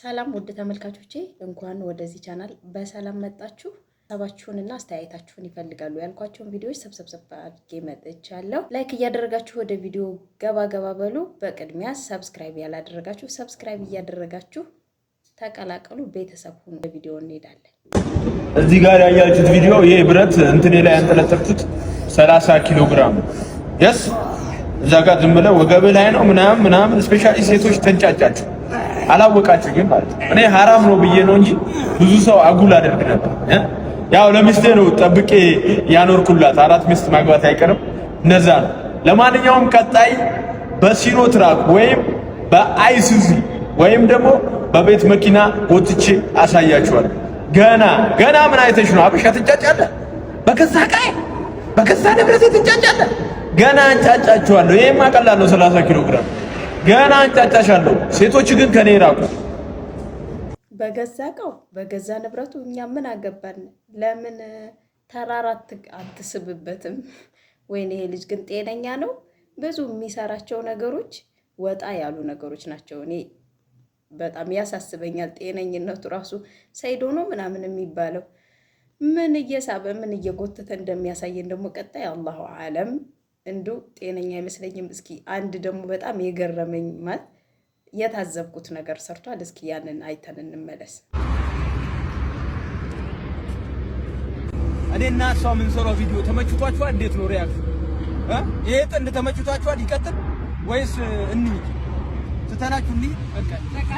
ሰላም ውድ ተመልካቾቼ እንኳን ወደዚህ ቻናል በሰላም መጣችሁ። ሀሳባችሁንና አስተያየታችሁን ይፈልጋሉ ያልኳቸውን ቪዲዮዎች ሰብሰብሰብ አድርጌ መጥቻለሁ። ላይክ እያደረጋችሁ ወደ ቪዲዮ ገባ ገባ በሉ። በቅድሚያ ሰብስክራይብ ያላደረጋችሁ ሰብስክራይብ እያደረጋችሁ ተቀላቀሉ፣ ቤተሰብ ሁኑ። ቪዲዮ እንሄዳለን። እዚህ ጋር ያያችሁት ቪዲዮ ይሄ ብረት እንትኔ ላይ ያንጠለጠልኩት 30 ኪሎ ግራም የስ እዛ ጋር ዝም ብለህ ወገብህ ላይ ነው ምናምን ምናምን። ስፔሻሊ ሴቶች ተንጫጫችሁ ግን ማለት ነው። እኔ ሐራም ነው ብዬ ነው እንጂ ብዙ ሰው አጉል አደርግ ነበር። ያው ለሚስቴ ነው ጠብቄ ያኖርኩላት። አራት ሚስት ማግባት አይቀርም። እነዛ ነው። ለማንኛውም ቀጣይ በሲኖ ትራክ ወይም በአይሱዚ ወይም ደግሞ በቤት መኪና ወጥቼ አሳያችኋለሁ። ገና ገና ምን አይተሽ ነው አበሻ ትንጫጫለ? በገዛ ቃይ በገዛ ንብረት ትንጫጫለ? ገና እንጫጫችኋለሁ። ይሄማ ቀላል ነው 30 ኪሎ ግራም ገና አንጫጫሻለሁ። ሴቶች ግን ከኔ ራቁ። በገዛ እቃው በገዛ ንብረቱ እኛ ምን አገባን? ለምን ተራራ አትስብበትም? ወይኔ ይሄ ልጅ ግን ጤነኛ ነው። ብዙ የሚሰራቸው ነገሮች ወጣ ያሉ ነገሮች ናቸው። እኔ በጣም ያሳስበኛል ጤነኝነቱ ራሱ። ሰይዶ ነው ምናምን የሚባለው ምን እየሳበ ምን እየጎተተ እንደሚያሳየን ደግሞ ቀጣይ አላሁ አለም እንዶ ጤነኛ አይመስለኝም። እስኪ አንድ ደግሞ በጣም የገረመኝ ማለት የታዘብኩት ነገር ሰርቷል። እስኪ ያንን አይተን እንመለስ። እኔና እሷ የምንሰራው ቪዲዮ ተመችቷችኋል? እንዴት ነው ሪያክት? ይሄ ጥንድ ተመችቷችኋል? ይቀጥል ወይስ እንሂድ? ትተናችሁ እንሂድ በቃ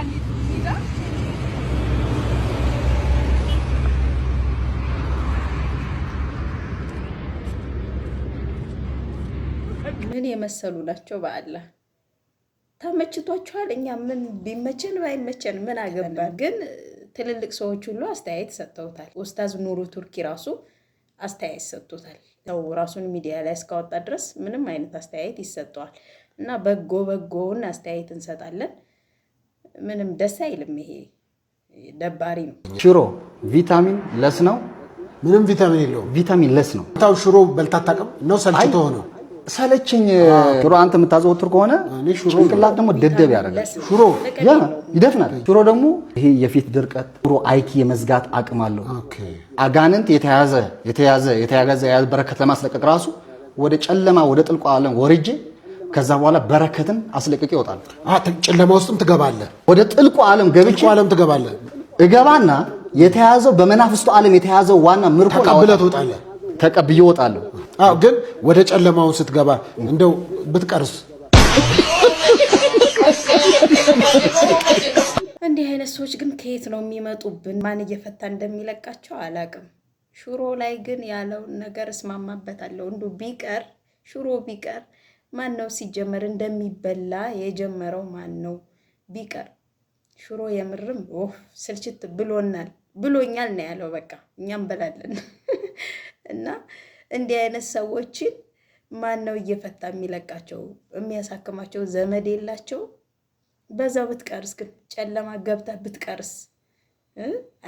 ምን የመሰሉ ናቸው? በአላ ተመችቷችኋል። እኛ ምን ቢመቸን ባይመቸን ምን አገባን። ግን ትልልቅ ሰዎች ሁሉ አስተያየት ሰጥተውታል። ኡስታዝ ኑሩ ቱርኪ ራሱ አስተያየት ሰጥቶታል። ሰው ራሱን ሚዲያ ላይ እስካወጣ ድረስ ምንም አይነት አስተያየት ይሰጠዋል። እና በጎ በጎውን አስተያየት እንሰጣለን። ምንም ደስ አይልም። ይሄ ደባሪ ነው። ሽሮ ቪታሚን ለስ ነው። ምንም ቪታሚን የለውም። ቪታሚን ለስ ነው። ታው ሽሮ በልታ አታውቅም ነው ሰልችቶ ሆነው ሰለችኝ ሽሮ አንተ የምታዘወትር ከሆነ ጭንቅላት ደግሞ ደደብ ያደርጋል። ሽሮ ያ ይደፍናል። ሽሮ ደግሞ ይሄ የፊት ድርቀት፣ ሽሮ አይኪ የመዝጋት አቅም አለው። አጋንንት የተያዘ የተያዘ የተያዘ በረከት ለማስለቀቅ ራሱ ወደ ጨለማ ወደ ጥልቁ ዓለም ወርጄ ከዛ በኋላ በረከትን አስለቅቄ ይወጣል። ጨለማ ውስጥም ትገባለህ፣ ወደ ጥልቁ ዓለም ገብቼ ዓለም ትገባለህ። እገባና የተያዘው በመናፍስቱ ዓለም የተያዘው ዋና ምርኮ ተቀብለህ ትወጣለህ። ተቀብዬ እወጣለሁ። አዎ፣ ግን ወደ ጨለማውን ስትገባ እንደው ብትቀርስ እንዲህ አይነት ሰዎች ግን ከየት ነው የሚመጡብን? ማን እየፈታ እንደሚለቃቸው አላቅም። ሽሮ ላይ ግን ያለውን ነገር እስማማበታለሁ። እንዱ ቢቀር ሽሮ ቢቀር ማን ነው ሲጀመር እንደሚበላ የጀመረው ማን ነው ቢቀር? ሽሮ የምርም ስልችት ብሎናል ብሎኛል ነው ያለው። በቃ እኛም በላለን እና እንዲህ አይነት ሰዎችን ማን ነው እየፈታ የሚለቃቸው? የሚያሳክማቸው ዘመድ የላቸው። በዛው ብትቀርስ ግን ጨለማ ገብታ ብትቀርስ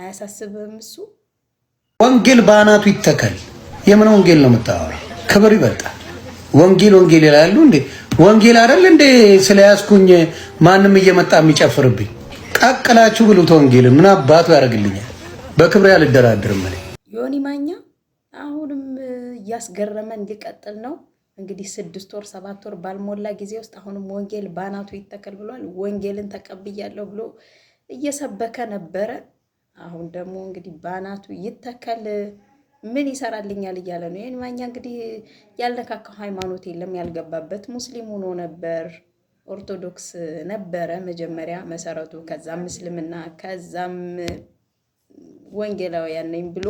አያሳስብም? እሱ ወንጌል በአናቱ ይተከል የምን ወንጌል ነው የምታወራው? ክብር ይበልጣል። ወንጌል ወንጌል ይላሉ እንዴ? ወንጌል አይደል እንዴ? ስለያዝኩኝ ማንም እየመጣ የሚጨፍርብኝ ቀቅላችሁ ብሉት። ወንጌል ምን አባቱ ያደርግልኛል? በክብሬ አልደራድርም። ዮኒ ማኛ አሁንም እያስገረመ እንዲቀጥል ነው። እንግዲህ ስድስት ወር ሰባት ወር ባልሞላ ጊዜ ውስጥ አሁንም ወንጌል ባናቱ ይተከል ብሏል። ወንጌልን ተቀብያለሁ ብሎ እየሰበከ ነበረ። አሁን ደግሞ እንግዲህ ባናቱ ይተከል ምን ይሰራልኛል እያለ ነው። ይህን ማኛ እንግዲህ ያልነካካው ሃይማኖት የለም ያልገባበት። ሙስሊም ሆኖ ነበር፣ ኦርቶዶክስ ነበረ መጀመሪያ መሰረቱ፣ ከዛም ምስልምና፣ ከዛም ወንጌላውያን ነኝ ብሎ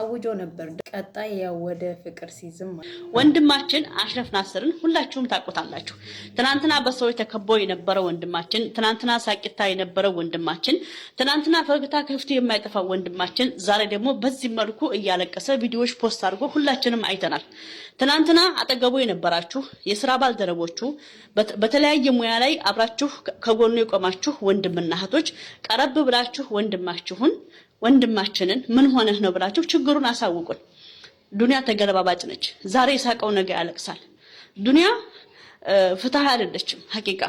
አውጆ ነበር። ቀጣይ ያው ወደ ፍቅር ሲዝም ወንድማችን አሽረፍ ናስርን ሁላችሁም ታውቁታላችሁ። ትናንትና በሰዎች ተከቦ የነበረው ወንድማችን፣ ትናንትና ሳቂታ የነበረው ወንድማችን፣ ትናንትና ፈገግታ ከፊቱ የማይጠፋ ወንድማችን ዛሬ ደግሞ በዚህ መልኩ እያለቀሰ ቪዲዮዎች ፖስት አድርጎ ሁላችንም አይተናል። ትናንትና አጠገቡ የነበራችሁ የስራ ባልደረቦቹ፣ በተለያየ ሙያ ላይ አብራችሁ ከጎኑ የቆማችሁ ወንድምና እህቶች ቀረብ ብላችሁ ወንድማችሁን ወንድማችንን ምን ሆነህ ነው ብላችሁ ችግሩን አሳውቁን። ዱንያ ተገለባባጭ ነች። ዛሬ የሳቀው ነገ ያለቅሳል። ዱንያ ፍትህ አይደለችም ሀቂቃ።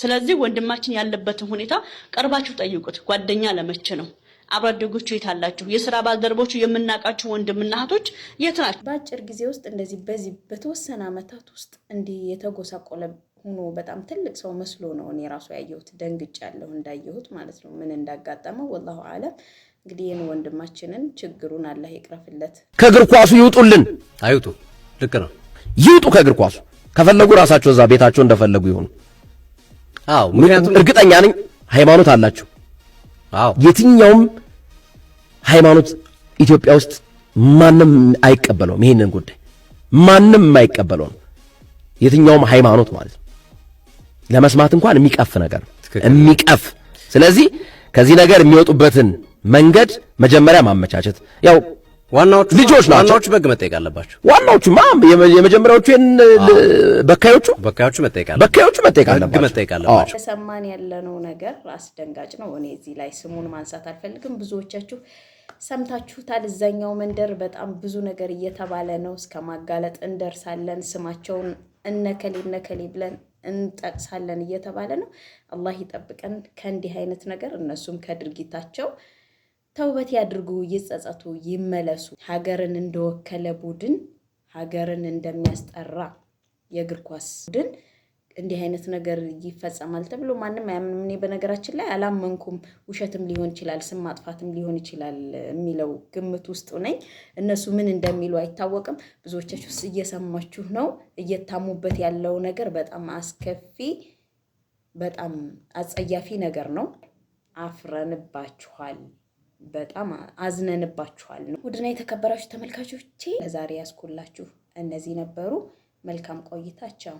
ስለዚህ ወንድማችን ያለበትን ሁኔታ ቀርባችሁ ጠይቁት። ጓደኛ ለመቼ ነው? አብረ አደጎቹ የት አላችሁ? የስራ ባልደረቦቹ የምናውቃችሁ ወንድምና እህቶች የት ናቸው? በአጭር ጊዜ ውስጥ እንደዚህ በዚህ በተወሰነ አመታት ውስጥ እንዲህ የተጎሳቆለ ሆኖ በጣም ትልቅ ሰው መስሎ ነው እኔ ራሱ ያየሁት። ያለሁ እንዳየሁት ማለት ነው። ምን እንዳጋጠመው ወላሁ አለም። እንግዲህ ይህን ወንድማችንን ችግሩን አላህ ይቅረፍለት። ከእግር ኳሱ ይውጡልን። አይውጡ፣ ልክ ነው፣ ይውጡ ከእግር ኳሱ። ከፈለጉ ራሳቸው እዛ ቤታቸው እንደፈለጉ ይሆኑ። አዎ፣ ምክንያቱም እርግጠኛ ነኝ ሃይማኖት አላቸው። አዎ፣ የትኛውም ሃይማኖት ኢትዮጵያ ውስጥ ማንም አይቀበለውም። ይሄንን ጉዳይ ማንም የማይቀበለው ነው፣ የትኛውም ሃይማኖት ማለት ነው። ለመስማት እንኳን የሚቀፍ ነገር የሚቀፍ ስለዚህ ከዚህ ነገር የሚወጡበትን መንገድ መጀመሪያ ማመቻቸት ያው ዋናዎቹ ልጆች ናቸው። ዋናዎቹ በግ መጠየቅ አለባቸው። ዋናዎቹ ማም የመጀመሪያዎቹ በካዮቹ በካዮቹ መጠየቅ አለባቸው። በካዮቹ መጠየቅ አለባቸው። ሰማን ያለነው ነገር አስደንጋጭ ነው። እኔ እዚህ ላይ ስሙን ማንሳት አልፈልግም። ብዙዎቻችሁ ሰምታችሁታል። እዛኛው መንደር በጣም ብዙ ነገር እየተባለ ነው። እስከ ማጋለጥ እንደርሳለን። ስማቸውን እነከሌ እነከሌ ብለን እንጠቅሳለን እየተባለ ነው። አላህ ይጠብቀን ከእንዲህ አይነት ነገር። እነሱም ከድርጊታቸው ተውበት ያድርጉ፣ ይጸጸቱ፣ ይመለሱ። ሀገርን እንደወከለ ቡድን ሀገርን እንደሚያስጠራ የእግር ኳስ ቡድን እንዲህ አይነት ነገር ይፈጸማል ተብሎ ማንም አያምንም። እኔ በነገራችን ላይ አላመንኩም። ውሸትም ሊሆን ይችላል፣ ስም ማጥፋትም ሊሆን ይችላል የሚለው ግምት ውስጥ ነኝ። እነሱ ምን እንደሚሉ አይታወቅም። ብዙዎቻችሁ እየሰማችሁ ነው። እየታሙበት ያለው ነገር በጣም አስከፊ፣ በጣም አጸያፊ ነገር ነው። አፍረንባችኋል። በጣም አዝነንባችኋል ነው። ውድና የተከበራችሁ ተመልካቾቼ ለዛሬ ያስኩላችሁ እነዚህ ነበሩ። መልካም ቆይታቸው